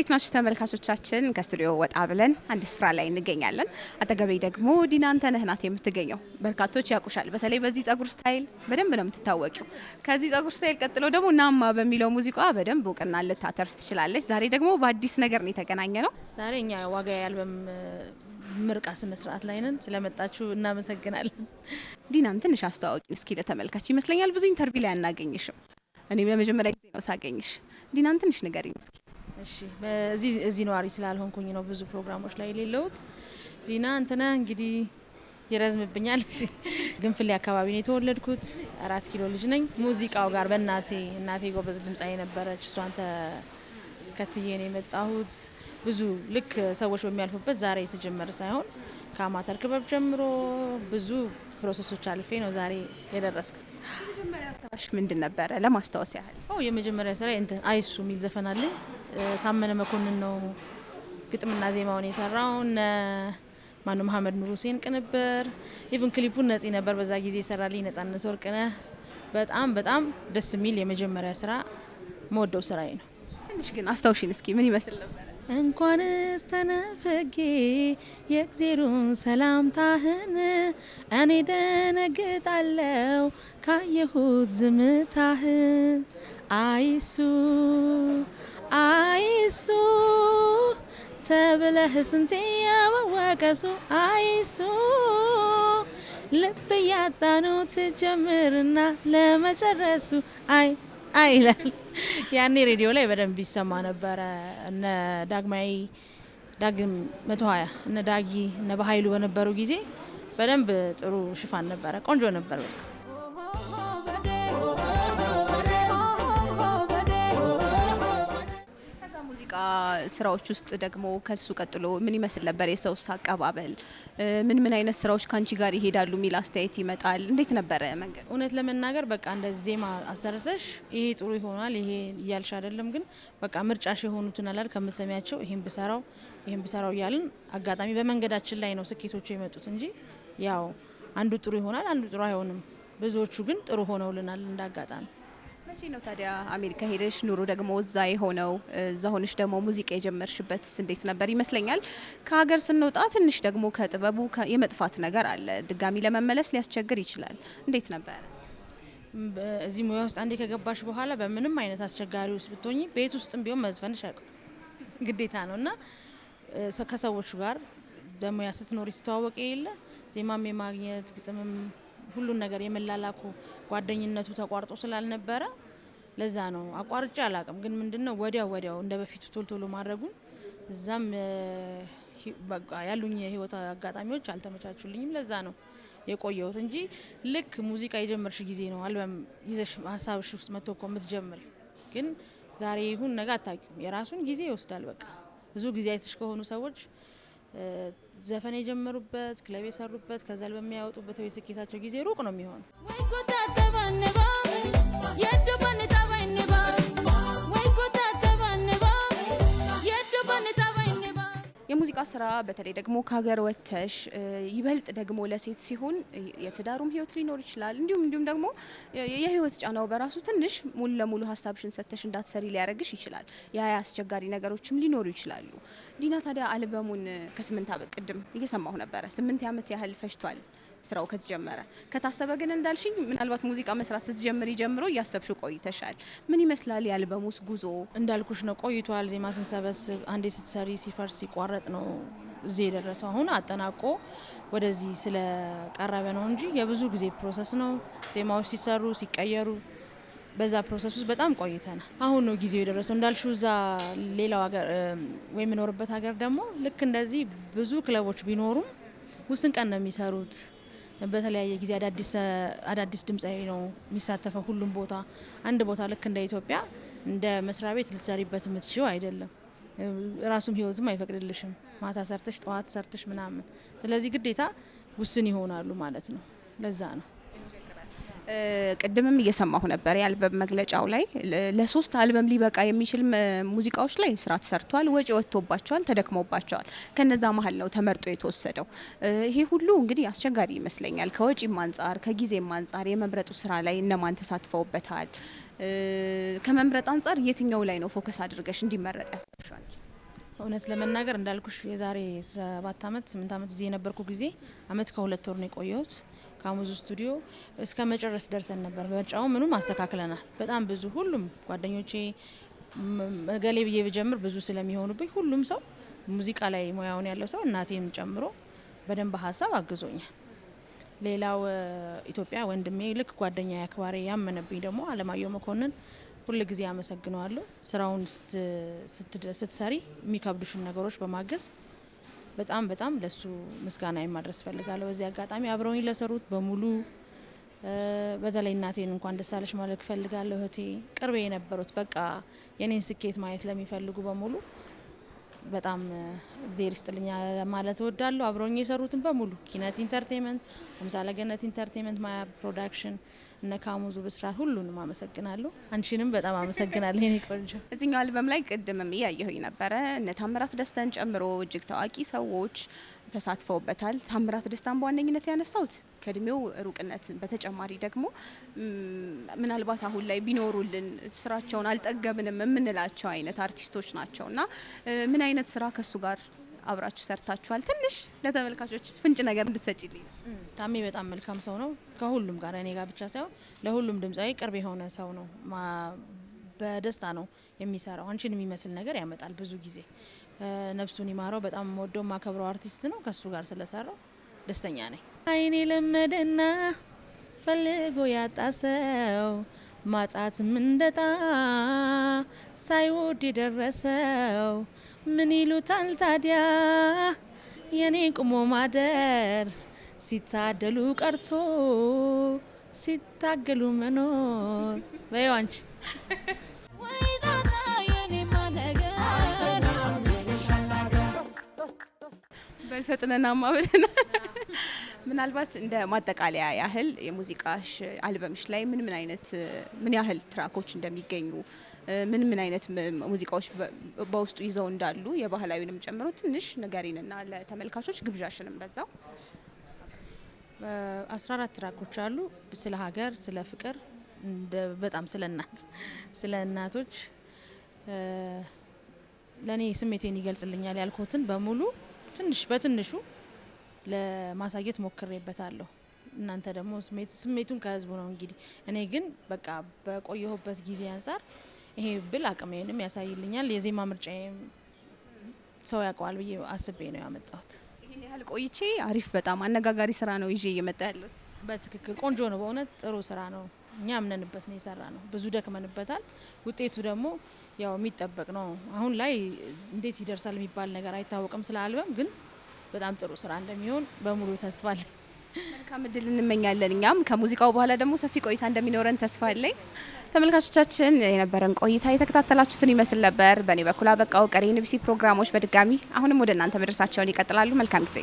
ሊትማሽ ተመልካቾቻችን ከስቱዲዮ ወጣ ብለን አንድ ስፍራ ላይ እንገኛለን። አጠገቤ ደግሞ ዲና አንተነህ ናት የምትገኘው። በርካቶች ያውቁሻል። በተለይ በዚህ ጸጉር ስታይል በደንብ ነው የምትታወቂው። ከዚህ ጸጉር ስታይል ቀጥሎ ደግሞ ናማ በሚለው ሙዚቃ በደንብ እውቅና ልታተርፍ ትችላለች። ዛሬ ደግሞ በአዲስ ነገር ነው የተገናኘ ነው። ዛሬ እኛ ዋጋ የአልበም ምርቃ ስነ ስርዓት ላይ ነን። ስለመጣችሁ እናመሰግናለን። ዲናም ትንሽ አስተዋወቂን እስኪ ለተመልካች። ይመስለኛል ብዙ ኢንተርቪው ላይ አናገኝሽም። እኔም ለመጀመሪያ ጊዜ ነው ሳገኝሽ። ዲናም ትንሽ ንገሪኝ እስኪ እሺ በዚህ እዚህ ነዋሪ ስላልሆንኩኝ ነው ብዙ ፕሮግራሞች ላይ የሌለሁት። ሊና እንትና እንግዲህ ይረዝምብኛል። እሺ ግንፍሌ አካባቢ ነው የተወለድኩት። አራት ኪሎ ልጅ ነኝ። ሙዚቃው ጋር በእናቴ እናቴ ጎበዝ ድምጻዊ ነበረች። እሷን ተከትዬ ነው የመጣሁት። ብዙ ልክ ሰዎች በሚያልፉበት ዛሬ የተጀመረ ሳይሆን ከአማተር ክበብ ጀምሮ ብዙ ፕሮሰሶች አልፌ ነው ዛሬ የደረስኩት። የመጀመሪያ ስራሽ ምንድን ነበረ? ለማስታወስ ያህል የመጀመሪያ ስራ አይሱ የሚል ዘፈን አለኝ ታመነ መኮንን ነው ግጥምና ዜማውን የሰራው። እነ ማኑ መሀመድ ኑር ሁሴን ቅንብር፣ ኢቭን ክሊፑን ነጺ ነበር በዛ ጊዜ የሰራልኝ ነጻነት ወርቅነህ። በጣም በጣም ደስ የሚል የመጀመሪያ ስራ መወደው ስራዬ ነው። ትንሽ ግን አስታውሽን እስኪ ምን ይመስል ነበር? እንኳንስ ተነፈጌ የእግዜሩን ሰላምታህን እኔ ደነግጣለው ካየሁት ዝምታህን አይሱ አይሱ ተብለህ ስንቴ ያወቀሱ አይሱ ልብ እያጣኑ ትጀምርና ለመጨረሱ አይ አይ ይላል። ያኔ ሬዲዮ ላይ በደንብ ይሰማ ነበረ። እነ ዳግማዊ ዳግም መቶ ሀያ እነ ዳጊ እነ በሀይሉ በነበሩ ጊዜ በደንብ ጥሩ ሽፋን ነበረ። ቆንጆ ነበር። ሙዚቃ ስራዎች ውስጥ ደግሞ ከሱ ቀጥሎ ምን ይመስል ነበር? የሰውስ አቀባበል ምን ምን አይነት ስራዎች ከአንቺ ጋር ይሄዳሉ የሚል አስተያየት ይመጣል። እንዴት ነበረ መንገድ? እውነት ለመናገር በቃ እንደ ዜማ አሰርተሽ ይሄ ጥሩ ይሆናል ይሄ እያልሽ አይደለም፣ ግን በቃ ምርጫሽ የሆኑትን አላል ከምትሰሚያቸው ይህን ብሰራው ይህን ብሰራው እያልን አጋጣሚ በመንገዳችን ላይ ነው ስኬቶቹ የመጡት እንጂ ያው አንዱ ጥሩ ይሆናል አንዱ ጥሩ አይሆንም። ብዙዎቹ ግን ጥሩ ሆነውልናል እንዳጋጣሚ መቼ ነው ታዲያ አሜሪካ ሄደሽ ኑሮ ደግሞ እዛ የሆነው እዛ ሆነሽ ደግሞ ሙዚቃ የጀመርሽበት እንዴት ነበር? ይመስለኛል ከሀገር ስንወጣ ትንሽ ደግሞ ከጥበቡ የመጥፋት ነገር አለ። ድጋሚ ለመመለስ ሊያስቸግር ይችላል። እንዴት ነበር? እዚህ ሙያ ውስጥ አንዴ ከገባሽ በኋላ በምንም አይነት አስቸጋሪ ውስጥ ብትሆኝ ቤት ውስጥም ቢሆን መዝፈንሽ ግዴታ ነው እና ከሰዎች ጋር በሙያ ስትኖር የተተዋወቀ የለ ዜማም የማግኘት ግጥምም ሁሉን ነገር የመላላኩ ጓደኝነቱ ተቋርጦ ስላልነበረ ለዛ ነው አቋርጬ አላቅም። ግን ምንድነው ወዲያው ወዲያው እንደ በፊቱ ቶሎ ቶሎ ማድረጉን እዛም በቃ ያሉኝ የህይወት አጋጣሚዎች አልተመቻቹልኝም። ለዛ ነው የቆየሁት እንጂ ልክ ሙዚቃ የጀመርሽ ጊዜ ነው አልበም ይዘሽ ሀሳብሽ ውስጥ መጥቶ እኮ ግን ዛሬ ይሁን ነገ አታውቂውም። የራሱን ጊዜ ይወስዳል። በቃ ብዙ ጊዜ አይተሽ ከሆኑ ሰዎች ዘፈን የጀመሩበት ክለብ የሰሩበት ከዛል በሚያወጡበት ወይ ስኬታቸው ጊዜ ሩቅ ነው የሚሆን ስራ በተለይ ደግሞ ከሀገር ወተሽ ይበልጥ ደግሞ ለሴት ሲሆን የትዳሩም ህይወት ሊኖር ይችላል። እንዲሁም እንዲሁም ደግሞ የህይወት ጫናው በራሱ ትንሽ ሙሉ ለሙሉ ሀሳብሽን ሰጥተሽ እንዳትሰሪ ሊያደርግሽ ይችላል። ያ አስቸጋሪ ነገሮችም ሊኖሩ ይችላሉ። ዲና ታዲያ አልበሙን ከስምንት ዓመት ቅድም እየሰማሁ ነበረ ስምንት ዓመት ያህል ፈጅቷል። ስራው ከተጀመረ ከታሰበ ግን እንዳልሽኝ ምናልባት ሙዚቃ መስራት ስትጀምሪ ጀምሮ እያሰብሽው ቆይተሻል። ምን ይመስላል የአልበሙስ ጉዞ? እንዳልኩሽ ነው ቆይቷል። ዜማ ስንሰበስብ አንዴ ስትሰሪ ሲፈርስ ሲቋረጥ ነው እዚህ የደረሰው። አሁን አጠናቆ ወደዚህ ስለቀረበ ነው እንጂ የብዙ ጊዜ ፕሮሰስ ነው። ዜማዎች ሲሰሩ ሲቀየሩ በዛ ፕሮሰስ ውስጥ በጣም ቆይተናል። አሁን ነው ጊዜው የደረሰው እንዳልሽው። እዛ ሌላው ሀገር ወይ የምኖርበት ሀገር ደግሞ ልክ እንደዚህ ብዙ ክለቦች ቢኖሩም ውስን ቀን ነው የሚሰሩት በተለያየ ጊዜ አዳዲስ ድምፃዊ ነው የሚሳተፈው። ሁሉም ቦታ አንድ ቦታ ልክ እንደ ኢትዮጵያ እንደ መስሪያ ቤት ልትሰሪበት የምትችው አይደለም። ራሱም ህይወትም አይፈቅድልሽም። ማታ ሰርተሽ ጠዋት ሰርተሽ ምናምን። ስለዚህ ግዴታ ውስን ይሆናሉ ማለት ነው። ለዛ ነው ቅድምም እየሰማሁ ነበር የአልበም መግለጫው ላይ ለሶስት አልበም ሊበቃ የሚችል ሙዚቃዎች ላይ ስራ ተሰርቷል፣ ወጪ ወጥቶባቸዋል፣ ተደክሞባቸዋል። ከነዛ መሀል ነው ተመርጦ የተወሰደው። ይሄ ሁሉ እንግዲህ አስቸጋሪ ይመስለኛል። ከወጪም አንጻር ከጊዜም አንጻር የመምረጡ ስራ ላይ እነማን ተሳትፈውበታል? ከመምረጥ አንጻር የትኛው ላይ ነው ፎከስ አድርገሽ እንዲመረጥ ያስችላል? እውነት ለመናገር እንዳልኩሽ የዛሬ ሰባት አመት ስምንት አመት እዚህ የነበርኩ ጊዜ አመት ከሁለት ወር ነው የቆየሁት ከሙዙ ስቱዲዮ እስከ መጨረስ ደርሰን ነበር። ምርጫው ምኑም አስተካክለናል። በጣም ብዙ ሁሉም ጓደኞቼ መገሌ ብዬ ብጀምር ብዙ ስለሚሆኑብኝ ሁሉም ሰው ሙዚቃ ላይ ሙያውን ያለው ሰው እናቴም ጨምሮ በደንብ ሀሳብ አግዞኛል። ሌላው ኢትዮጵያ ወንድሜ ልክ ጓደኛ አክባሪ ያመነብኝ ደግሞ አለማየሁ መኮንን ሁል ጊዜ አመሰግነዋለሁ። ስራውን ስትሰሪ የሚከብዱሽን ነገሮች በማገዝ በጣም በጣም ለሱ ምስጋና ማድረስ ፈልጋለሁ። በዚህ አጋጣሚ አብረውኝ ለሰሩት በሙሉ በተለይ እናቴን እንኳን ደሳለሽ ማለት ፈልጋለሁ። እህቴ ቅርቤ የነበሩት በቃ የኔን ስኬት ማየት ለሚፈልጉ በሙሉ በጣም እግዜር ይስጥልኛ ማለት እወዳለሁ። አብረኝ የሰሩትን በሙሉ ኪነት ኢንተርቴንመንት፣ አምሳለ ገነት ኢንተርቴንመንት፣ ማያ ፕሮዳክሽን እነ ካሙዙ ብስራት ሁሉንም አመሰግናለሁ። አንቺንም በጣም አመሰግናለሁ የኔ ቆንጆ። እዚህኛው አልበም ላይ ቅድምም እያየሁኝ ነበረ እነ ታምራት ደስተን ጨምሮ እጅግ ታዋቂ ሰዎች ተሳትፈውበታል። ታምራት ደስታን በዋነኝነት ያነሳውት ከእድሜው ሩቅነት በተጨማሪ ደግሞ ምናልባት አሁን ላይ ቢኖሩልን ስራቸውን አልጠገብንም የምንላቸው አይነት አርቲስቶች ናቸው እና ምን አይነት ስራ ከሱ ጋር አብራችሁ ሰርታችኋል? ትንሽ ለተመልካቾች ፍንጭ ነገር እንድትሰጪልኝ ነው። ታሜ በጣም መልካም ሰው ነው። ከሁሉም ጋር እኔ ጋር ብቻ ሳይሆን ለሁሉም ድምፃዊ ቅርብ የሆነ ሰው ነው። በደስታ ነው የሚሰራው። አንቺን የሚመስል ነገር ያመጣል ብዙ ጊዜ ነፍሱን ይማረው። በጣም ወዶ ማከብረው አርቲስት ነው። ከሱ ጋር ስለሰራው ደስተኛ ነኝ። አይኔ ለመደና ፈልጎ ያጣሰው ሰው ማጣት ምንደጣ ሳይወድ የደረሰው ምን ይሉታል ታዲያ የኔ ቁሞ ማደር ሲታደሉ ቀርቶ ሲታገሉ መኖር በይዋንች ብለን ፈጥነና ማብለናል። ምናልባት እንደ ማጠቃለያ ያህል የሙዚቃሽ አልበምሽ ላይ ምን ምን አይነት ምን ያህል ትራኮች እንደሚገኙ ምን ምን አይነት ሙዚቃዎች በውስጡ ይዘው እንዳሉ የባህላዊንም ጨምሮ ትንሽ ንገሪንና ለተመልካቾች ግብዣሽንም በዛው። አስራ አራት ትራኮች አሉ። ስለ ሀገር፣ ስለ ፍቅር፣ በጣም ስለ እናት ስለ እናቶች ለእኔ ስሜቴን ይገልጽልኛል ያልኩትን በሙሉ ትንሽ በትንሹ ለማሳየት ሞክሬበታለሁ። እናንተ ደግሞ ስሜቱን ከህዝቡ ነው እንግዲህ። እኔ ግን በቃ በቆየሁበት ጊዜ አንጻር ይሄ ብል አቅሜንም ያሳይልኛል። የዜማ ምርጫዬም ሰው ያውቀዋል ብዬ አስቤ ነው ያመጣሁት። ይህን ያህል ቆይቼ አሪፍ፣ በጣም አነጋጋሪ ስራ ነው ይዤ እየመጣ ያለሁት። በትክክል ቆንጆ ነው። በእውነት ጥሩ ስራ ነው። እኛ አምነንበት ነው የሰራ ነው። ብዙ ደክመንበታል። ውጤቱ ደግሞ ያው የሚጠበቅ ነው። አሁን ላይ እንዴት ይደርሳል የሚባል ነገር አይታወቅም። ስለ አልበም ግን በጣም ጥሩ ስራ እንደሚሆን በሙሉ ተስፋ አለን። መልካም እድል እንመኛለን። እኛም ከሙዚቃው በኋላ ደግሞ ሰፊ ቆይታ እንደሚኖረን ተስፋ አለኝ። ተመልካቾቻችን የነበረን ቆይታ የተከታተላችሁትን ይመስል ነበር። በእኔ በኩል አበቃው። ቀሪ የንቢሲ ፕሮግራሞች በድጋሚ አሁንም ወደ እናንተ መድረሳቸውን ይቀጥላሉ። መልካም ጊዜ